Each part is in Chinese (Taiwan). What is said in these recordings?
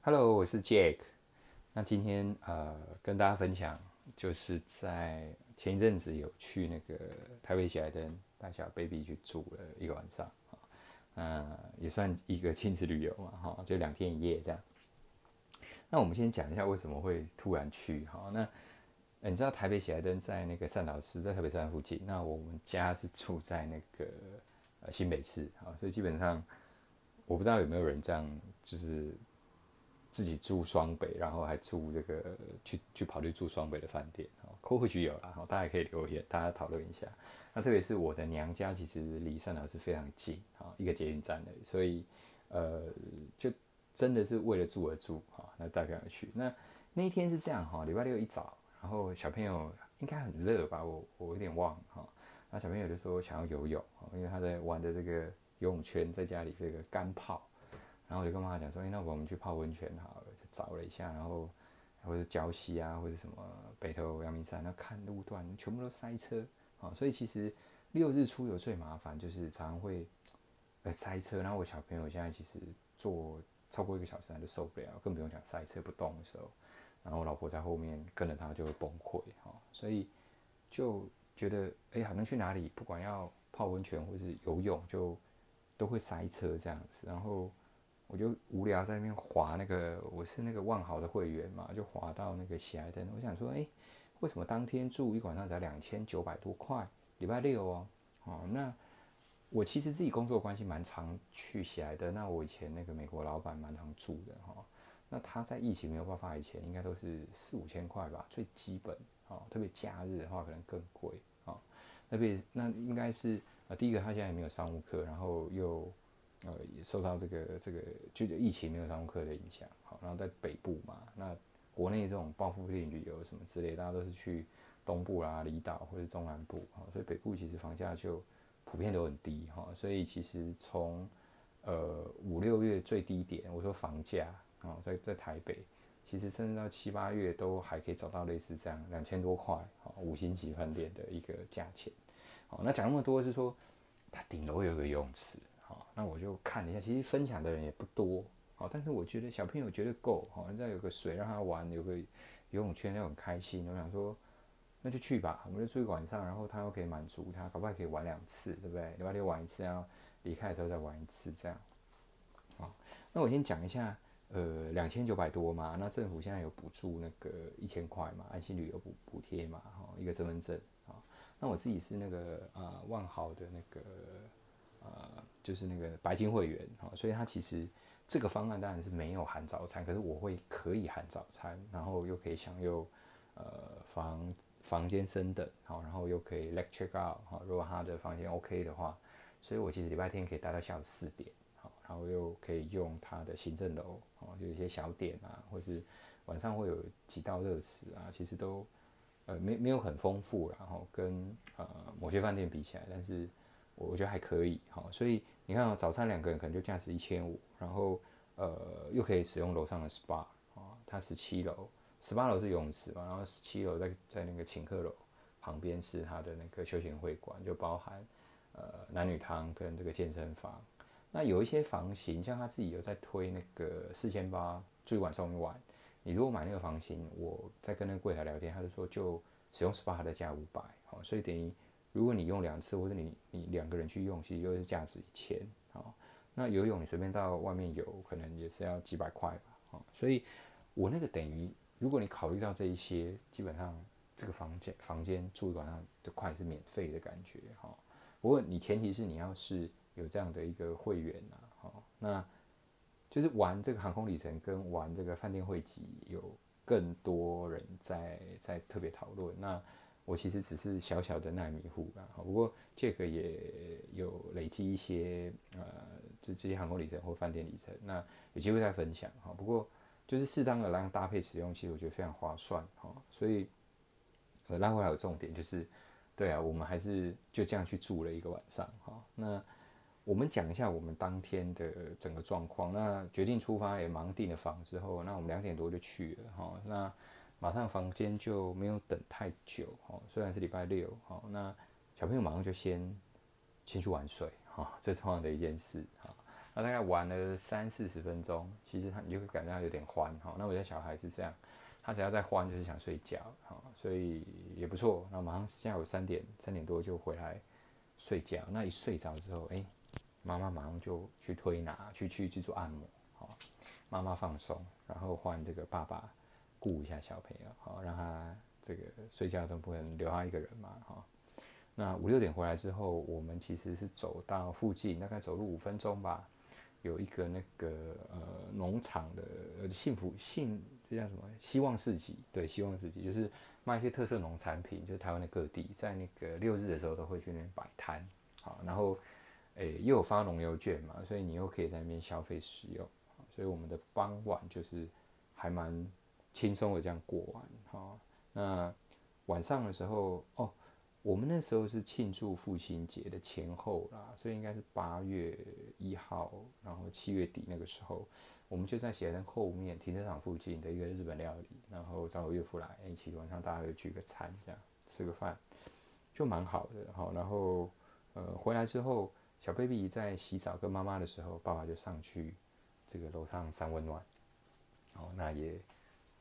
哈嘍，我是 Jack。那今天呃，跟大家分享就是在前一陣子有去那個台北喜來登帶小 baby 去住了一個晚上，哦、呃，也算一個親子旅遊嘛，哈、哦，就兩天一夜這樣。那我們先講一下為什麼會突然去，哈、哦，那、呃、你知道台北喜來登在那個善導寺，在台北站附近。那我們家是住在那個呃新北市，好、哦，所以基本上我不知道有沒有人這樣，就是。自己住雙北，然後還住這個、呃、去去跑去住雙北的飯店哦，或許有啦，哦、大家可以留言，大家討論一下。那特別是我的娘家，其實離善導寺非常近啊、哦，一個捷運站的，所以呃，就真的是為了住而住啊、哦。那大概要去那那一天是這樣哈、哦，禮拜六一早，然後小朋友應該很熱吧，我我有點忘了哈、哦，那小朋友就說想要游泳、哦，因為他在玩的這個游泳圈，在家裡這個乾泡。然後我就跟媽媽講說：“哎、欸，那我們去泡溫泉好了。”就找了一下，然後或是礁溪啊，或是什麼北投陽明山，那看路段全部都塞車啊。所以其實六日出遊最麻煩就是常常會、欸，塞車。然後我小朋友現在其實坐超過一個小時他就受不了，更不用講塞車不動的時候。然後我老婆在後面跟着他就會崩潰哈。所以就覺得哎，呀、欸、能去哪裡不管要泡溫泉或是游泳，就都會塞車這樣子。然後。我就無聊在那邊滑那個，我是那個萬豪的會員嘛，就滑到那個喜來登。我想說，哎、欸，為什麼當天住一晚上才兩千九百多塊？禮拜六哦，哦，那我其實自己工作關係蠻常去喜來登。那我以前那個美國老闆蠻常住的哈、哦。那他在疫情沒有辦法以前，應該都是四五千塊吧，最基本。哦，特別假日的話可能更貴。哦，特別，那應該是，呃，第一個他現在也沒有商務客，然後又。呃、嗯，也受到這個這個就疫情沒有上課的影響，好，然後在北部嘛，那國內這種報復性旅遊什麼之類，大家都是去東部啦、啊、離島或者中南部，好，所以北部其實房價就普遍都很低，哈，所以其實從呃五六月最低點，我說房價啊，在在台北，其實甚至到七八月都還可以找到類似這樣兩千多塊，好，五星級飯店的一個價錢，好，那講那麼多是說，它頂樓有一個泳池。好，那我就看一下，其實分享的人也不多，好，但是我覺得小朋友覺得夠，好，人家有個水讓他玩，有個游泳圈，就很開心。我想說，那就去吧，我們就住一晚上，然後他又可以滿足他，可不可以玩兩次，對不對？禮拜天玩一次，然後離開的時候再玩一次，這樣。好，那我先講一下，呃，兩千九百多嘛，那政府現在有補助那個一千塊嘛，安心旅遊補補貼嘛，一個身份證，好，那我自己是那個啊、呃、萬豪的那個，呃。就是那個白金會員，好、哦，所以他其實這個方案當然是沒有含早餐，可是我會可以含早餐，然後又可以享用呃房房間升等，好、哦，然後又可以 late check out 哈、哦，如果他的房間 OK 的話，所以我其實禮拜天可以待到下午四點，好、哦，然後又可以用他的行政樓，哦，有一些小點啊，或是晚上會有幾道熱食啊，其實都呃沒沒有很豐富，然後，哦，跟呃某些飯店比起來，但是我我覺得還可以，好、哦，所以。你看啊、哦，早餐兩個人可能就價值一千五，然後呃，又可以使用樓上的 SPA 啊、哦，它十七樓，十八樓是泳池嘛，然後十七樓在在那個請客樓旁邊是它的那個休閒會館，就包含呃男女湯跟這個健身房。那有一些房型，像他自己有在推那個四千八，住一晚送一晚。你如果買那個房型，我在跟那個櫃檯聊天，他就說就使用 SPA 還得加五百，哦，所以等於。如果你用兩次，或者你你兩個人去用，其實又是價值一千啊。那游泳你隨便到外面游，可能也是要幾百塊吧、哦、所以，我那個等於，如果你考慮到這一些，基本上這個房間房間住一晚上就快是免費的感覺哈、哦。不過你前提是你要是有這樣的一個會員啊，哈、哦，那就是玩這個航空里程跟玩這個飯店會籍有更多人在在特別討論那。我其實只是小小的奈米戶啊，不過這個也有累積一些呃，直接航空里程或飯店里程，那有機會再分享哈。不過就是適當的讓搭配使用，其實我覺得非常划算哈。所以拉回來有重點，就是對啊，我們還是就這樣去住了一個晚上哈。那我們講一下我們當天的整個狀況。那決定出發也忙訂了房之後，那我們兩點多就去了哈。那馬上房間就沒有等太久，哦，雖然是禮拜六，哦。那小朋友馬上就先先去玩水，哈，最重要的一件事，哈，那大概玩了三四十分鐘，其實他你就會感覺到有點歡，哈，那我家小孩是這樣，他只要在歡就是想睡覺，哈，所以也不錯，那馬上下午三點三點多就回來睡覺，那一睡着之後，哎、欸，媽媽馬上就去推拿，去去去做按摩，哈，媽媽放鬆，然後換這個爸爸。顧一下小朋友，好讓他這個睡覺，都不可能留他一個人嘛，哈。那五六點回來之後，我們其實是走到附近，大概走路五分鐘吧，有一個那個呃農場的幸福幸，這叫什麼？希望市集，對，希望市集就是賣一些特色農產品，就是台灣的各地，在那個六日的時候都會去那邊擺攤，好，然後誒又有發農遊券嘛，所以你又可以在那邊消費使用，所以我們的傍晚就是還蠻。輕鬆的這樣過完好，哦，那晚上的時候哦，我們那時候是慶祝父親節的前後啦，所以應該是八月一號，然後七月底那個時候，我們就在喜來登後面停車場附近的一個日本料理，然後找我岳父來一起晚上大家就聚個餐這樣吃個飯，就蠻好的哈，哦。然後呃回來之後，小 baby 在洗澡跟媽媽的時候，爸爸就上去這個樓上三溫暖，哦那也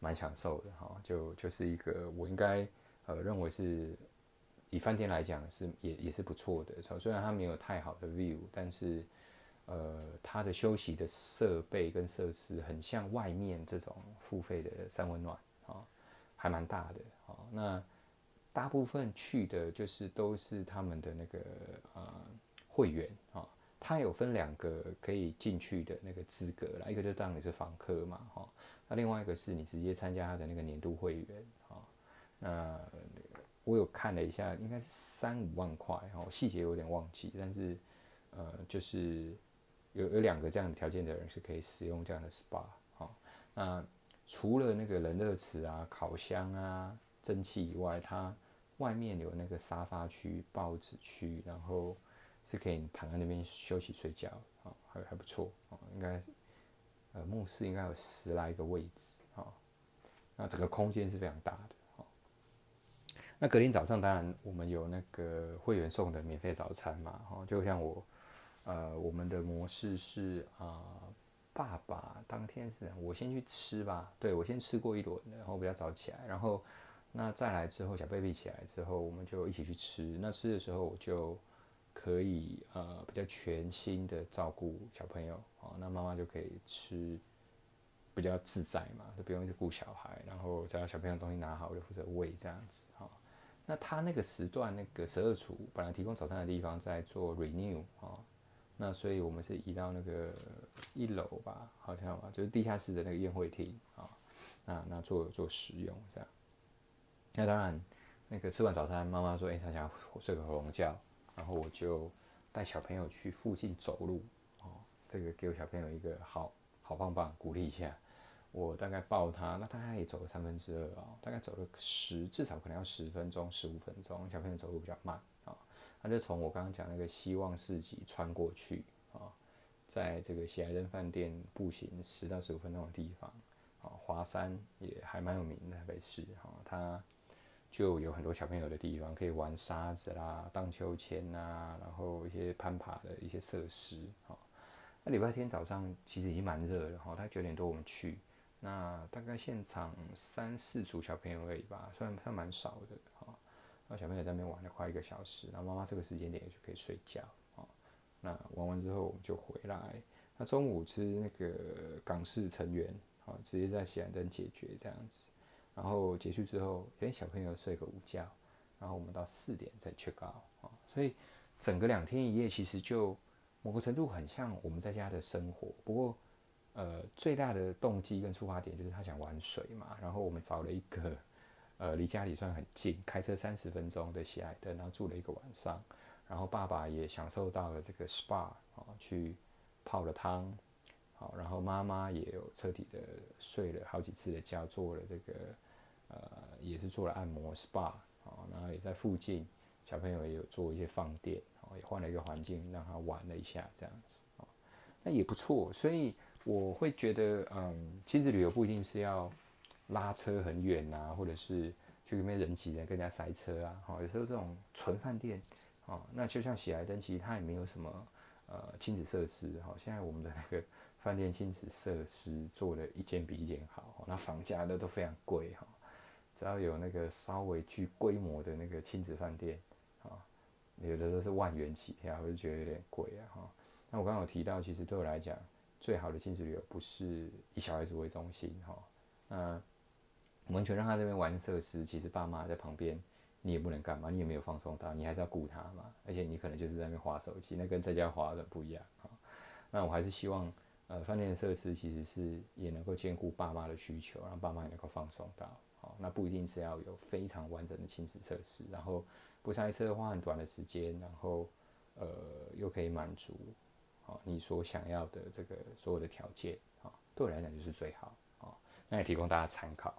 蠻享受的哈，就就是一個我應該呃認為是，以飯店來講是也也是不錯的，雖然它沒有太好的 view，但是呃它的休息的設備跟設施很像外面這種付費的三溫暖哦，還蠻大的哦，那大部分去的就是都是他們的那個呃會員啊。哦它有分兩個可以進去的那個資格啦，一個就當你是房客嘛，哈，那另外一個是你直接參加它的那個年度會員哈，那我有看了一下，應該是三五萬塊哈，細節有點忘記，但是呃，就是有有兩個這樣的條件的人是可以使用這樣的 SPA。哈，那除了那個冷熱池啊、烤箱啊、蒸汽以外，它外面有那個沙發區、報紙區，然後。是可以躺在那邊休息睡覺，哦，還還不錯哦，應該，呃，墓室應該有十來個位置，哦，那整個空間是非常大的，哦，那隔天早上當然我們有那個會員送的免費早餐嘛，哦，就像我，呃，我們的模式是啊、呃，爸爸當天是這樣，我先去吃吧，對，我先吃過一輪，然後比較早起來，然後那再來之後，小 baby 起來之後，我們就一起去吃，那吃的時候我就。可以呃，比較全心的照顧小朋友，哦，那媽媽就可以吃比較自在嘛，就不用去顧小孩，然後只要小朋友的東西拿好，我就負責餵這樣子，哈、哦。那他那個時段那個十二廚本來提供早餐的地方在做 renew 啊、哦，那所以我們是移到那個一樓吧，好像吧，就是地下室的那個宴會廳啊、哦，那那做做使用這樣。那當然，那個吃完早餐，媽媽說，哎、欸，她想睡個回籠覺。然後我就帶小朋友去附近走路，哦，這個給我小朋友一個好好棒棒，鼓勵一下。我大概抱他，那他大概也走了三分之二啊、哦，大概走了十，至少可能要十分鐘、十五分鐘。小朋友走路比較慢啊，那、哦、就從我剛剛講那個希望市集穿過去啊、哦，在這個喜來登飯店步行十到十五分鐘的地方啊、哦，華山也還蠻有名的，台北市哈，它、哦。他就有很多小朋友的地方，可以玩沙子啦、盪秋千啦，然後一些攀爬的一些設施。哈、哦，那禮拜天早上其實已經蠻熱了，哈、哦，他九點多我們去，那大概現場三四組小朋友而已吧，算算蠻少的，哈、哦。那小朋友在那邊玩了快一個小時，然後媽媽這個時間點也就可以睡覺，啊、哦，那玩完之後我們就回來。那中午吃那個港式辰園啊、哦，直接在喜來登解決這樣子。然後結束之後，哎，小朋友睡個午覺，然後我們到四點再 check out，哦、所以整個兩天一夜其實就某個程度很像我們在家的生活。不過，呃，最大的動機跟出發點就是他想玩水嘛。然後我們找了一個呃離家裡算很近，開車三十分鐘的喜來登，然後住了一個晚上。然後爸爸也享受到了這個 SPA 啊，哦，去泡了湯。好、哦，然後媽媽也有徹底的睡了好幾次的覺，做了這個。呃，也是做了按摩 SPA，、哦、然後也在附近小朋友也有做一些放電、哦，也換了一個環境讓他玩了一下這樣子，哦、那也不錯，所以我會覺得，嗯，親子旅遊不一定是要拉車很遠吶、啊，或者是去那邊人擠人更加塞車啊、哦，有時候這種純飯店，哦，那就像喜來登其實它也沒有什麼呃親子設施，好、哦，現在我們的那個飯店親子設施做的一間比一間好、哦，那房價都都非常貴哈。哦只要有那個稍微具規模的那個親子飯店，啊、哦，有的都是萬元起跳，我就覺得有點貴啊，哈、哦。那我剛剛有提到，其實對我來講，最好的親子旅遊不是以小孩子為中心，哈、哦。那完全讓他在那邊玩設施，其實爸媽在旁邊，你也不能幹嘛，你也沒有放鬆他，你還是要顧他嘛。而且你可能就是在那邊滑手機，那跟在家滑的不一樣，哈、哦。那我還是希望。呃，飯店的設施其實是也能夠兼顧爸媽的需求，讓爸媽也能夠放鬆到，好、哦，那不一定是要有非常完整的親子設施，然後不塞車花很短的時間，然後呃，又可以滿足，好、哦，你所想要的這個所有的條件，好、哦，對我來講就是最好，好、哦，那也提供大家參考。